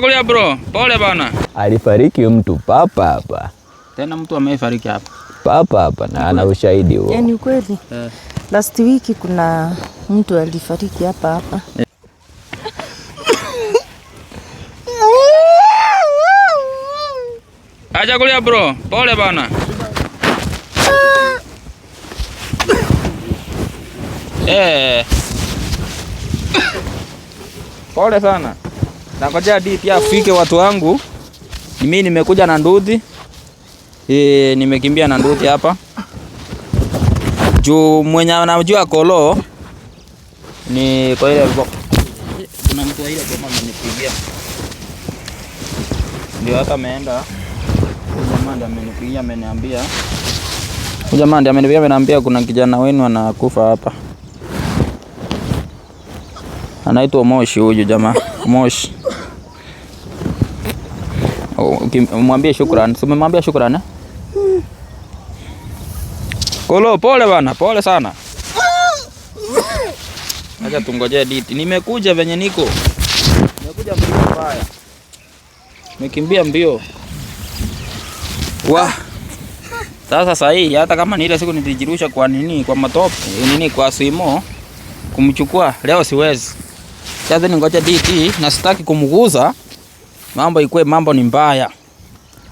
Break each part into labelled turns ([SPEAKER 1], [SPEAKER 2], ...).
[SPEAKER 1] kulia kulia, bro. Pole bana.
[SPEAKER 2] Alifariki mtu papa hapa.
[SPEAKER 1] Tena mtu amefariki hapa
[SPEAKER 2] papa hapa, na ana ushahidi huo.
[SPEAKER 3] Yaani kweli yeah. Last week kuna mtu alifariki hapa hapa yeah.
[SPEAKER 1] Acha kulia bro, pole bana. Eh. Pole sana. Nangoja hadi pia afike watu wangu. Mimi nimekuja na nduthi. Eh, nimekimbia na nduthi hapa. Juu mwenye anajua kolo ni kwa ile kuna mtu wa ile jamaa amenipigia. Ndio hata ameenda. Jamaa ndiye amenipigia ameniambia. Jamaa ndiye amenipigia ameniambia kuna kijana wenu anakufa hapa. Anaitwa Moshi huyu jamaa. Moshi. Oh, Mwambie shukrani. Si umemwambia shukrani? Kolo, eh? pole bana, pole sana. Acha tungoje diti. Nimekuja venye niko. Nimekuja mbio mbaya. Nimekimbia mbio. Wa. Sasa sahihi hata kama ni ile siku nilijirusha kwa nini kwa matope, nini kwa simo kumchukua leo siwezi. Sasa yaani ningoja DT na sitaki kumguza. Mambo ikue mambo ni mbaya.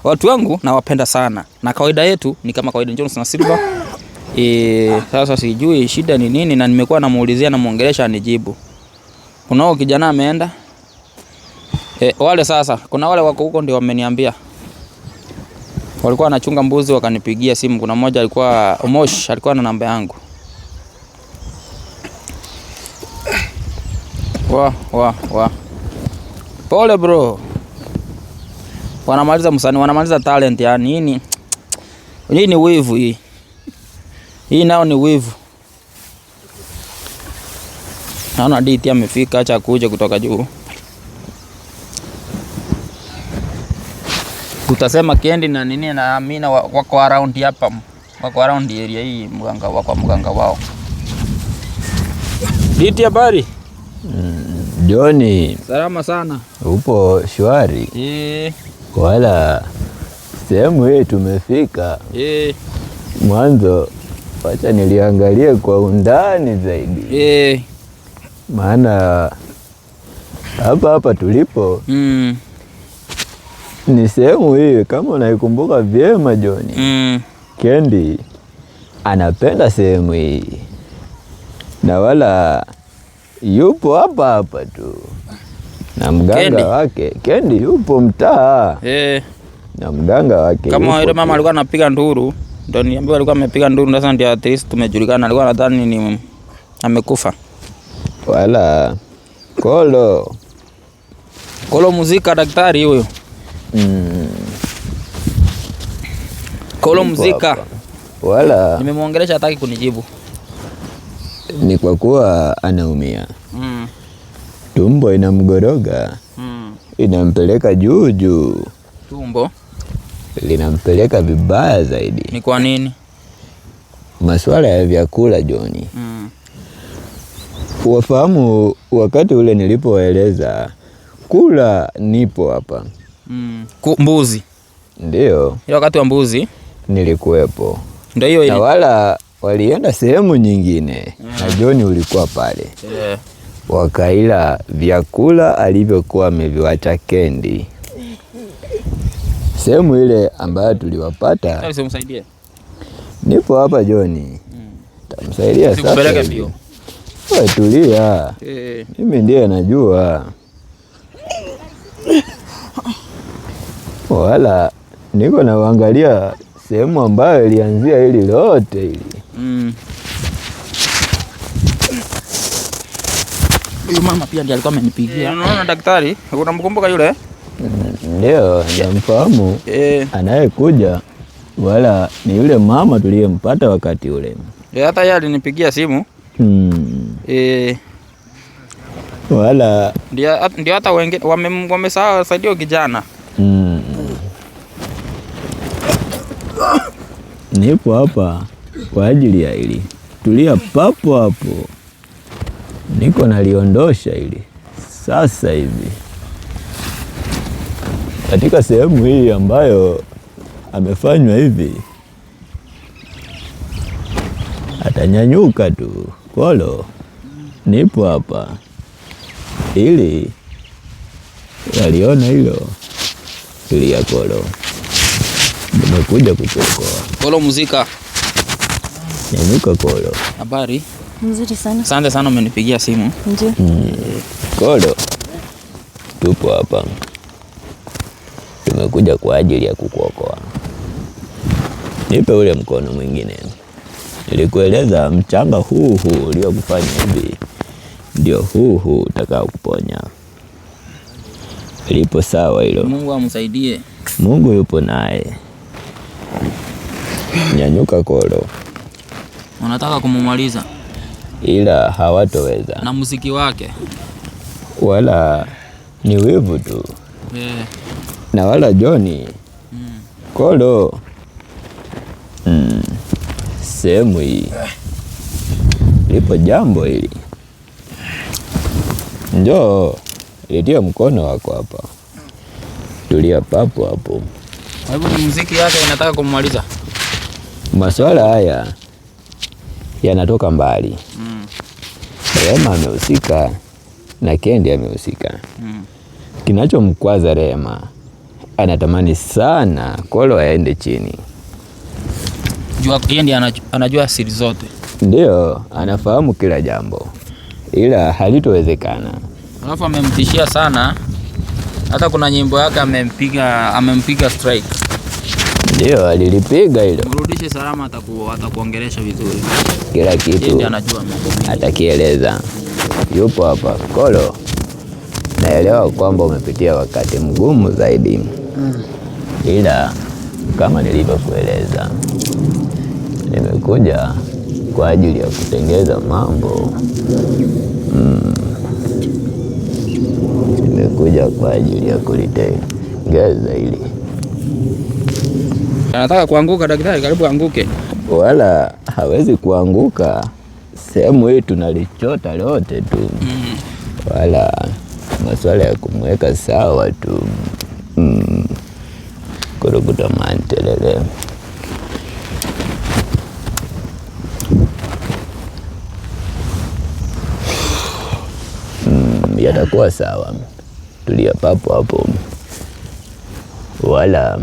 [SPEAKER 1] Watu wangu nawapenda sana. Na kawaida yetu ni kama kawaida Johnson na Silva. E, sasa sijui shida ni nini na nimekuwa namuulizia na muongelesha anijibu. Kuna huo kijana ameenda. E, wale sasa kuna wale wako huko ndio wameniambia. Walikuwa wanachunga mbuzi wakanipigia simu. Kuna mmoja alikuwa Omosh, alikuwa na namba yangu. Wa, wa, wa. Pole bro. Wanamaliza msanii, wanamaliza talent ya nini? Hii ni wivu hii. Hii nao ni wivu. Naona DT amefika, acha kuja kutoka juu. Utasema Kendi na nini na Amina wako around hapa. Wako around area hii mganga wako mganga wao. DT habari? Mm.
[SPEAKER 2] Joni,
[SPEAKER 1] salama sana.
[SPEAKER 2] Upo shwari? E. Wala sehemu hii tumefika e. Mwanzo wacha niliangalie kwa undani zaidi e. Maana hapa hapa tulipo mm. Ni sehemu hii kama unaikumbuka vyema Joni mm. Kendi anapenda sehemu hii na wala yupo hapa hapa tu na mganga Kendi wake Kendi yupo mtaa eh. na mganga wake
[SPEAKER 1] kama yule mama alikuwa anapiga nduru, ndo niambiwa alikuwa amepiga nduru. Sasa ndio at least tumejulikana, alikuwa nadhani ni amekufa
[SPEAKER 2] wala kolo
[SPEAKER 1] kolo muzika daktari huyo mm. kolo muzika wala nimemwongelesha, hataki kunijibu
[SPEAKER 2] ni kwa kuwa anaumia mm. tumbo inamgoroga mm. inampeleka juu juu, tumbo linampeleka vibaya zaidi. Ni kwa nini? Masuala ya vyakula Joni, mm. wafahamu wakati ule nilipowaeleza kula nipo hapa
[SPEAKER 1] mm. mbuzi, ndio wakati wa mbuzi
[SPEAKER 2] nilikuwepo, ndio hiyo wala walienda sehemu nyingine mm. na John ulikuwa pale yeah. wakaila vyakula alivyokuwa ameviwacha Kendi sehemu ile ambayo tuliwapata. Nipo hapa John, mm. tamsaidia sasa. tulia, eh. mimi ndiye najua wala niko naangalia sehemu ambayo ilianzia hili lote hili
[SPEAKER 1] Mm. Huyu mama pia ndiye alikuwa amenipigia. Mm, unaona daktari, unamkumbuka yule?
[SPEAKER 2] Ndio, namfahamu eh. Anayekuja wala ni yule mama tuliyempata wakati ule.
[SPEAKER 1] Eh, hata yeye alinipigia simu
[SPEAKER 2] hmm. Eh. Wala
[SPEAKER 1] ndio hata wengine wamesahau saidio kijana
[SPEAKER 2] hmm. Nipo hapa kwa ajili ya hili. Tulia papo hapo, niko naliondosha hili sasa hivi katika sehemu hii ambayo amefanywa hivi, atanyanyuka tu kolo. Nipo hapa ili aliona hilo ili ya kolo, nimekuja kuchokoa
[SPEAKER 1] kolo muzika
[SPEAKER 2] Nyanyuka Kolo.
[SPEAKER 1] Habari?
[SPEAKER 3] Mzuri sana.
[SPEAKER 1] Asante sana umenipigia simu.
[SPEAKER 3] Ndio. Mm.
[SPEAKER 2] Kolo. Tupo hapa. Tumekuja kwa ajili ya kukuokoa. Nipe ule mkono mwingine. Nilikueleza mchanga huu huu uliokufanya hivi ndio huu huu utakao kuponya. Lipo sawa hilo?
[SPEAKER 1] Mungu amsaidie.
[SPEAKER 2] Mungu yupo naye. Nyanyuka Kolo.
[SPEAKER 1] Unataka kumumaliza,
[SPEAKER 2] ila hawatoweza
[SPEAKER 1] na muziki wake,
[SPEAKER 2] wala ni wivu tu yeah. na wala Joni mm. Kolo mm. sehemu hii lipo jambo hili, njoo litie mkono wako hapa, tulia papo hapo.
[SPEAKER 1] Kwa hivyo ni muziki yake inataka kumaliza
[SPEAKER 2] Maswala haya yanatoka mbali mm. Rehema amehusika na Kendi amehusika mm. Kinachomkwaza Rehema, anatamani sana Kolo aende chini.
[SPEAKER 1] Jua Kendi anajua siri zote,
[SPEAKER 2] ndio anafahamu kila jambo, ila halitowezekana.
[SPEAKER 1] Alafu amemtishia sana, hata kuna nyimbo yake amempiga, amempiga strike
[SPEAKER 2] ndio alilipiga hilo.
[SPEAKER 1] Mrudishe salama, ataku atakuongelesha vizuri
[SPEAKER 2] kila kitu,
[SPEAKER 1] anajua mambo,
[SPEAKER 2] atakieleza. Yupo hapa Kolo, naelewa kwamba umepitia wakati mgumu zaidi mm, ila kama nilivyokueleza, nimekuja kwa ajili ya kutengeza mambo mm, nimekuja kwa ajili ya kulitengeza hili
[SPEAKER 1] Anataka kuanguka daktari, karibu anguke.
[SPEAKER 2] Wala hawezi kuanguka, sehemu hii tunalichota lote tu mm. Wala maswala ya kumweka sawa tu mm. Kurukuta mantelele mm, yatakuwa sawa, tulia papo hapo, wala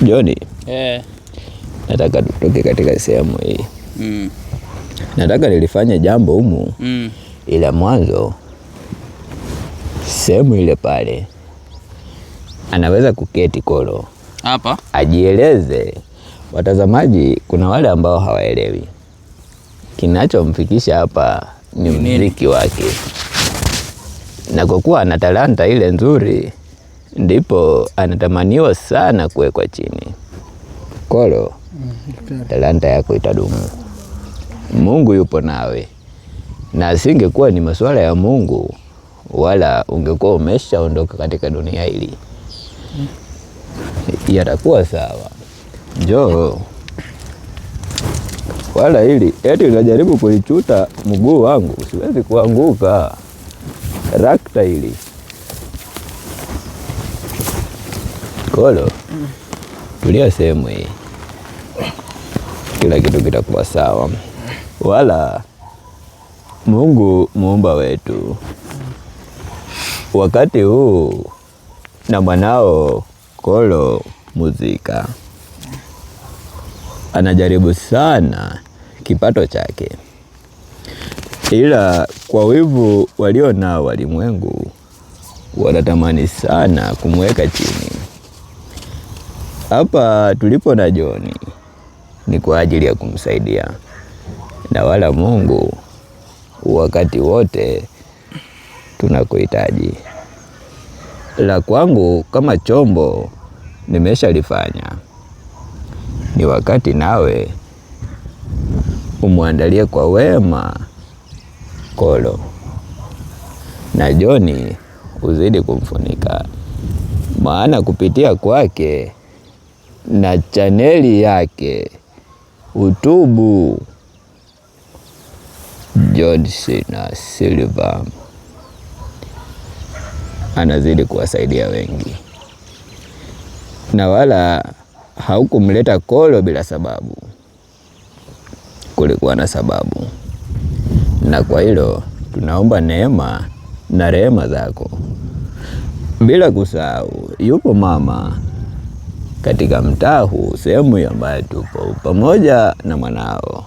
[SPEAKER 2] Joni, yeah. Nataka tutoke katika sehemu hii mm. Nataka nilifanya jambo humu mm. Ila mwanzo sehemu ile pale anaweza kuketi Kolo hapa ajieleze. Watazamaji, kuna wale ambao hawaelewi kinachomfikisha hapa ni mziki wake, na kwa kuwa ana talanta ile nzuri ndipo anatamaniwa sana kuwekwa chini. Kolo, mm, talanta yako itadumu. Mungu yupo nawe, na asingekuwa ni masuala ya Mungu, wala ungekuwa umeshaondoka katika dunia hili, yatakuwa sawa. Njoo wala hili eti unajaribu kulichuta mguu wangu, siwezi kuanguka rakta hili Kolo, tulia sehemu hii, kila kitu kitakuwa sawa. Wala Mungu muumba wetu wakati huu na mwanao Kolo Muzika anajaribu sana kipato chake, ila kwa wivu walio nao walimwengu wanatamani sana kumweka chini hapa tulipo na John ni kwa ajili ya kumsaidia na wala Mungu wakati wote tunakuhitaji. La kwangu kama chombo nimeshalifanya, ni wakati nawe umwandalie kwa wema kolo na John uzidi kumfunika, maana kupitia kwake na chaneli yake Utubu na Silva anazidi kuwasaidia wengi, na wala haukumleta Kolo bila sababu, kulikuwa na sababu, na kwa hilo tunaomba neema na rehema zako, bila kusahau yupo mama katika mtaa huu, sehemu hii ambayo tupo pamoja na mwanao,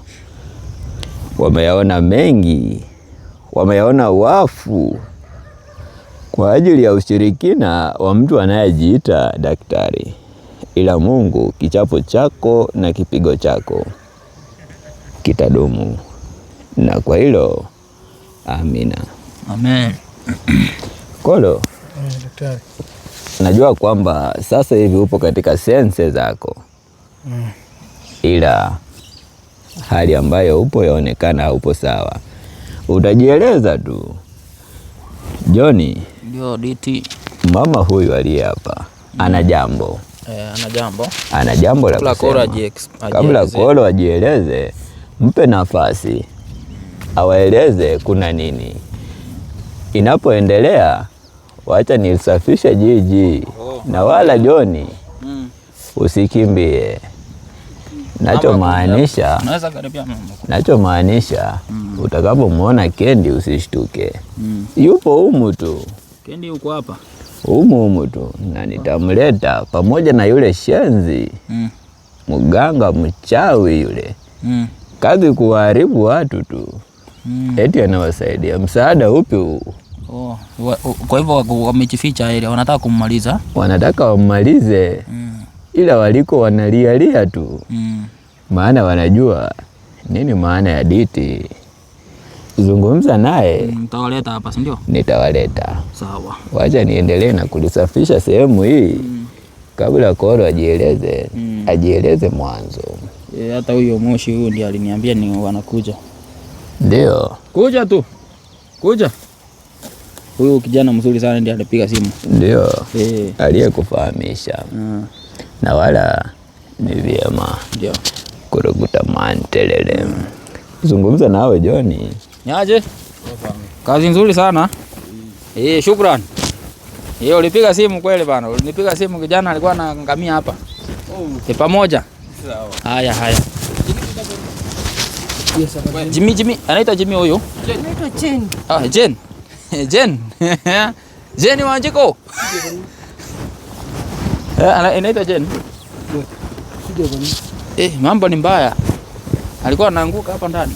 [SPEAKER 2] wameyaona mengi, wameyaona wafu kwa ajili ya ushirikina wa mtu anayejiita daktari. Ila Mungu, kichapo chako na kipigo chako kitadumu, na kwa hilo amina. Amen. Kolo. Amen, daktari najua kwamba sasa hivi upo katika sense zako mm. ila hali ambayo upo yaonekana haupo sawa, utajieleza tu. Joni,
[SPEAKER 1] ndio Diti,
[SPEAKER 2] mama huyu aliye hapa mm. ana jambo
[SPEAKER 1] e, ana jambo, ana jambo la kusema. Kabla Kolo ajieleze,
[SPEAKER 2] mpe nafasi awaeleze kuna nini inapoendelea wacha nilisafisha jiji oh. na wala Joni mm. usikimbie mm. nachomaanisha nachomaanisha mm. utakapomwona Kendi usishtuke mm. yupo humu tu
[SPEAKER 1] Kendi yuko hapa
[SPEAKER 2] humu humu tu na nitamleta pamoja na yule shenzi mm. mganga mchawi yule mm. kazi kuwaharibu watu tu mm. eti anawasaidia msaada upi huu
[SPEAKER 1] oh. Kwa hivyo wamejificha, ile wanataka kummaliza,
[SPEAKER 2] wanataka wammalize mm. Ila waliko wanalialia tu mm. Maana wanajua nini maana ya Diti. Zungumza naye
[SPEAKER 1] mtawaleta mm, hapa, si ndio?
[SPEAKER 2] Nitawaleta. Sawa, wacha niendelee na kulisafisha sehemu hii mm. kabla Koro ajieleze mm. ajieleze mwanzo.
[SPEAKER 1] E, hata huyo moshi huyu ndiye aliniambia ni wanakuja, ndio kuja tu kuja Huyu kijana mzuri sana ndiye anapiga simu, ndio eh,
[SPEAKER 2] aliyekufahamisha ah. na wala ni vyema kuruguta mantelele hmm. zungumza nawe Joni.
[SPEAKER 1] Niaje? kazi nzuri sana e, shukran. E, ulipiga simu kweli bana, ulinipiga simu kijana alikuwa na ngamia hapa e, pamoja. Haya, haya Jimmy, Jimmy anaita Jimmy huyo. Jen. Ah, Jen. Jen. Jen ni Wanjiko. Eh, inaitwa Jen. Eh, mambo ni mbaya. Alikuwa anaanguka hapa ndani.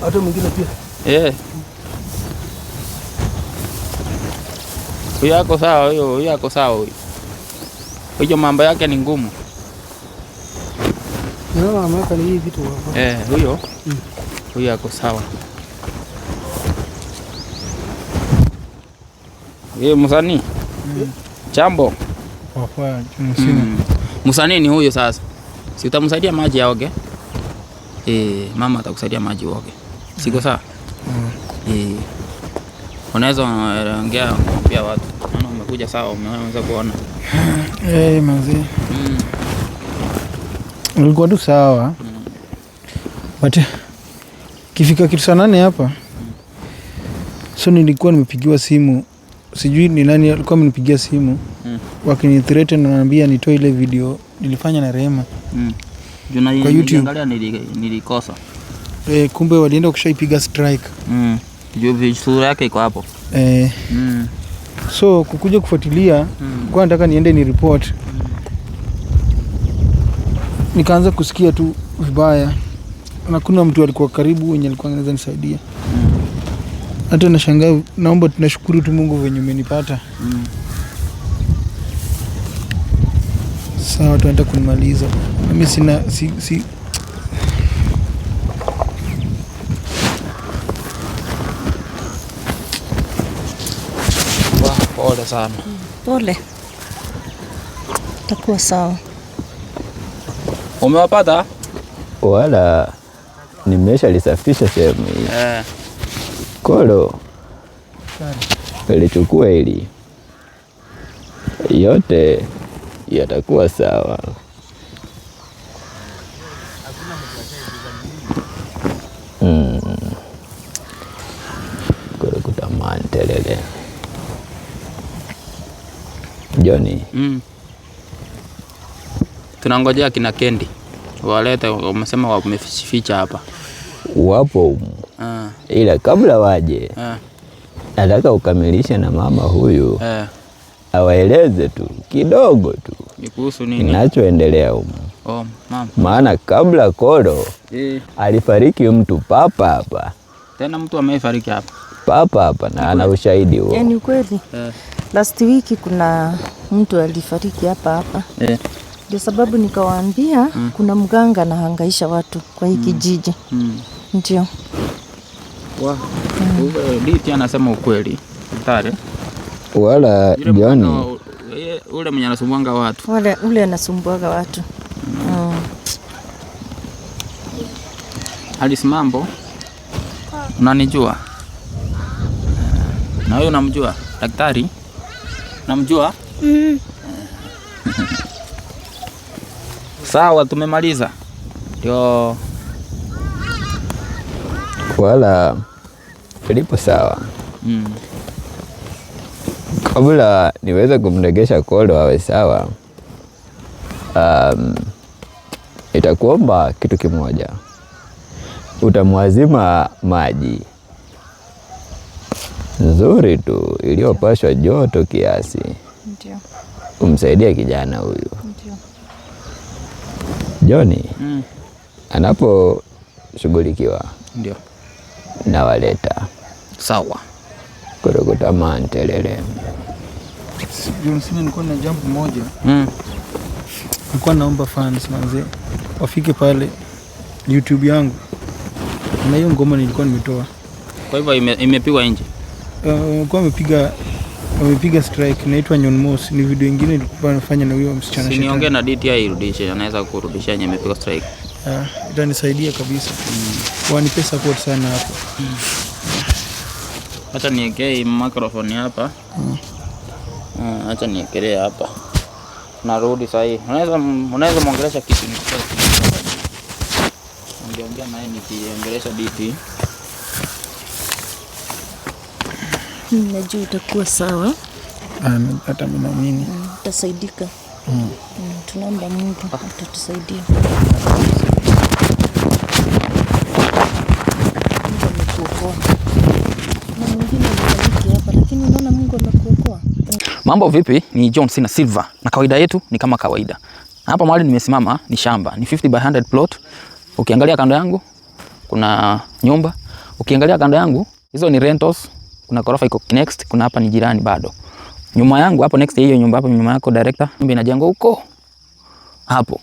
[SPEAKER 3] Hata mwingine pia.
[SPEAKER 1] Eh. Huyo yako sawa huyo, huyo yako sawa huyo. Huyo mambo yake ni ngumu.
[SPEAKER 3] Mama, mama, hivi tu hapa.
[SPEAKER 1] Eh, huyo. Mm. Huyo yako sawa. Eh, msanii mm. Chambo
[SPEAKER 3] mm, mm.
[SPEAKER 1] Msanii ni huyo sasa, si utamsaidia maji aoge? Eh, mama atakusaidia maji uoge, siko sawa mm. E, unaweza ongea pia watu Naona umekuja sawa, umeanza kuona
[SPEAKER 3] hey, mazi mm. Ulikuwa tu sawa mm. But kifika kitu sana nane hapa mm. So nilikuwa nimepigiwa simu sijui ni nani alikuwa amenipigia simu mm. wakini naambia nitoe ile video nilifanya na Rehema mm. kwa YouTube nilikosa e, kumbe walienda kushaipiga strike
[SPEAKER 1] mm. sura yake iko hapo
[SPEAKER 3] e, mm. so kukuja kufuatilia mm. kwa nataka niende ni report mm. nikaanza kusikia tu vibaya na kuna mtu alikuwa karibu wenye alikuwa anaweza nisaidia hata nashangaa, naomba tunashukuru tu Mungu venye umenipata. mm. Sawa, tuenda kunimaliza mimi sina si, si. Pole sana. Pole, takuwa sawa.
[SPEAKER 1] Umewapata
[SPEAKER 2] wala nimesha lisafisha sehemu hii eh. Kolo lichukua hili, yote yatakuwa sawa. Mm. Kolo Joni.
[SPEAKER 1] Mm. Tunangojea kina Kendi walete, wamesema wameficha hapa,
[SPEAKER 2] wapo umu ila kabla waje yeah. Nataka ukamilishe na mama huyu yeah. Awaeleze tu kidogo tu kinachoendelea huko oh, maana kabla Kolo yeah. Alifariki mtu papa hapa
[SPEAKER 1] tena, mtu amefariki hapa
[SPEAKER 2] papa hapa na ana ushahidi
[SPEAKER 3] huo. Yaani kweli yeah. Last week kuna mtu alifariki hapa hapa yeah. Ndio sababu nikawaambia mm. Kuna mganga anahangaisha watu kwa hii mm. kijiji mm. mm. Ndio
[SPEAKER 1] Diti anasema ukweli hatari,
[SPEAKER 2] wala jani
[SPEAKER 1] ule mwenye anasumbuanga watu
[SPEAKER 3] wale, ule anasumbuanga watu
[SPEAKER 1] mm. Halisi mambo, unanijua na wewe unamjua daktari, namjua mm-hmm. Sawa, tumemaliza ndio
[SPEAKER 2] wala lipo sawa mm. Kabla niweze kumregesha Kolo awe sawa, um, itakuomba kitu kimoja, utamwazima maji nzuri tu iliyopashwa joto kiasi, umsaidia kijana huyu Joni mm. anaposhughulikiwa ndio nawaleta sawa, kurogota mantelele.
[SPEAKER 3] Nilikuwa na jambo moja, hmm. nilikuwa naomba fans manze wafike pale YouTube yangu na hiyo ngoma nilikuwa nimetoa.
[SPEAKER 1] Kwa hivyo imepigwa ime nje
[SPEAKER 3] uh, kwa wamepiga wamepiga strike, inaitwa Nyon Moss. Ni video nyingine nilikuwa nafanya na huyo
[SPEAKER 1] msichana. Niongee na DTI irudishe, anaweza kurudisha yenye imepigwa strike.
[SPEAKER 3] Ah, itanisaidia kabisa mm. wanipe support sana hapo mm.
[SPEAKER 1] Acha niekee microphone hapa mm. Uh, acha niekelee hapa, narudi sahii. Unaweza mwongelesha kitu ngeongea naye nikiongelesha DP,
[SPEAKER 3] najua itakuwa sawa, ah, hata mnaamini utasaidika. Mm, mm. Tunaomba Mungu ah. atatusaidia.
[SPEAKER 1] Mambo vipi? Ni John Cena Silver. na kawaida yetu ni kama kawaida. Hapa mahali nimesimama ni shamba, ni 50 by 100 plot. Ukiangalia kando yangu kuna nyumba. Ukiangalia kando yangu hizo ni rentals. Kuna ghorofa iko next, kuna hapa ni jirani bado. Nyuma yangu hapo next hiyo nyumba hapo nyuma yako director, nyumba inajengwa huko. Hapo.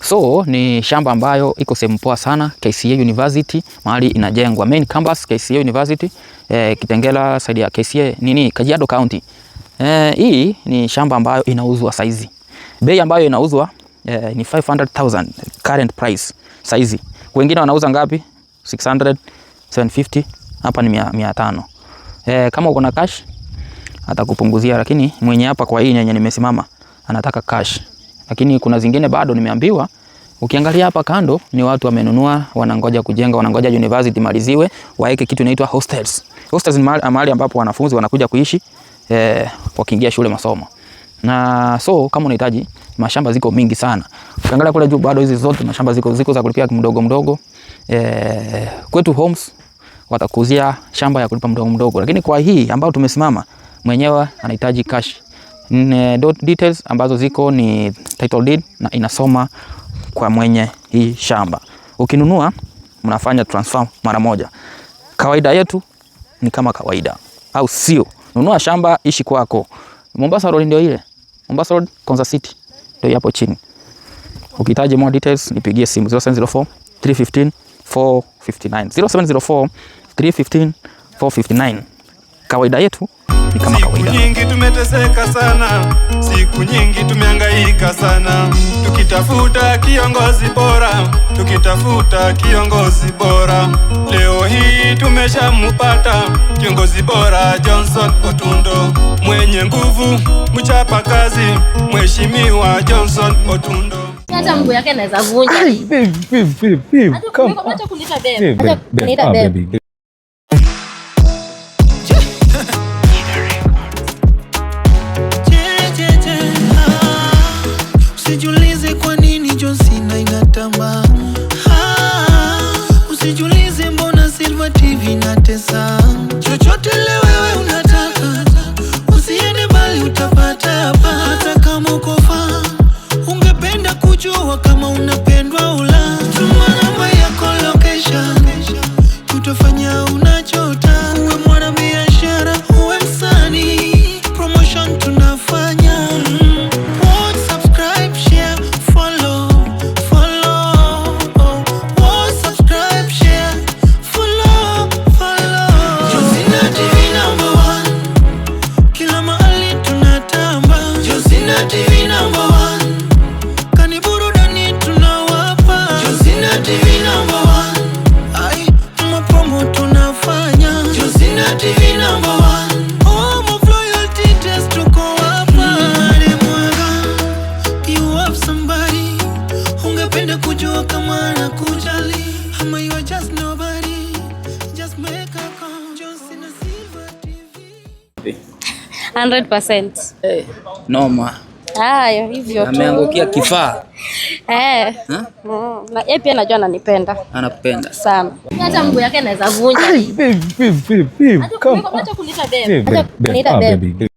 [SPEAKER 1] So ni shamba ambayo iko sehemu poa sana, KCA University mahali inajengwa main campus KCA University eh, Kitengela side ya KCA nini Kajiado County. Eh, hii ni shamba ambayo inauzwa saizi. Bei ambayo inauzwa eh, ni 500,000 current price saizi. Wengine wanauza ngapi? 600, 750, hapa ni 500. Eh, kama uko na cash atakupunguzia, lakini mwenye hapa kwa hii nyenye nimesimama anataka cash. Lakini kuna zingine bado nimeambiwa Ukiangalia hapa kando ni watu wamenunua, wanangoja kujenga, wanangoja university maliziwe, waeke kitu inaitwa hostels. Hostels ni mahali ambapo wanafunzi wanakuja kuishi eh, wakiingia shule masomo. Na so kama unahitaji mashamba ziko mingi sana. Ukiangalia kule juu bado hizi zote mashamba ziko ziko za kulipia mdogo mdogo. Eh, kwetu Homes watakuzia shamba ya kulipa mdogo mdogo, lakini kwa hii ambayo tumesimama mwenyewe anahitaji cash. N eh, details ambazo ziko ni title deed na inasoma kwa mwenye hii shamba. Ukinunua mnafanya transfer mara moja. Kawaida yetu ni kama kawaida, au sio? Nunua shamba, ishi kwako. Mombasa Road ndio ile. Mombasa Road, Konza City ndio hapo chini. Ukihitaji more details nipigie simu 0704 315 459. 0704 315 459. Kawaida yetu ni kama kawaida. Siku nyingi tumeteseka sana, siku nyingi tumehangaika sana, tukitafuta kiongozi bora, tukitafuta kiongozi bora. Leo hii tumeshamupata kiongozi bora Johnson Otundo, mwenye nguvu, mchapa kazi, mheshimiwa Johnson Otundo. Hata mguu yake anaweza vunja. Salva TV natesa, chochote leo wewe unataka, usiende bali utapata hapa. Hata kama uko faa, ungependa kujua kama unapendwa ula,
[SPEAKER 4] tuma namba yako location, tutafanya unachota 100%.
[SPEAKER 1] Eh, noma.
[SPEAKER 4] Hayo hivyo
[SPEAKER 1] tu. Ameangukia kifaa. Eh. Mm.
[SPEAKER 4] Na yeye pia anajua ananipenda.
[SPEAKER 1] Anapenda
[SPEAKER 4] sana. Hata mguu yake anaweza vunja.
[SPEAKER 1] Baby, baby, baby.
[SPEAKER 4] Come. Acha kuniita babe.
[SPEAKER 1] Acha kuniita babe.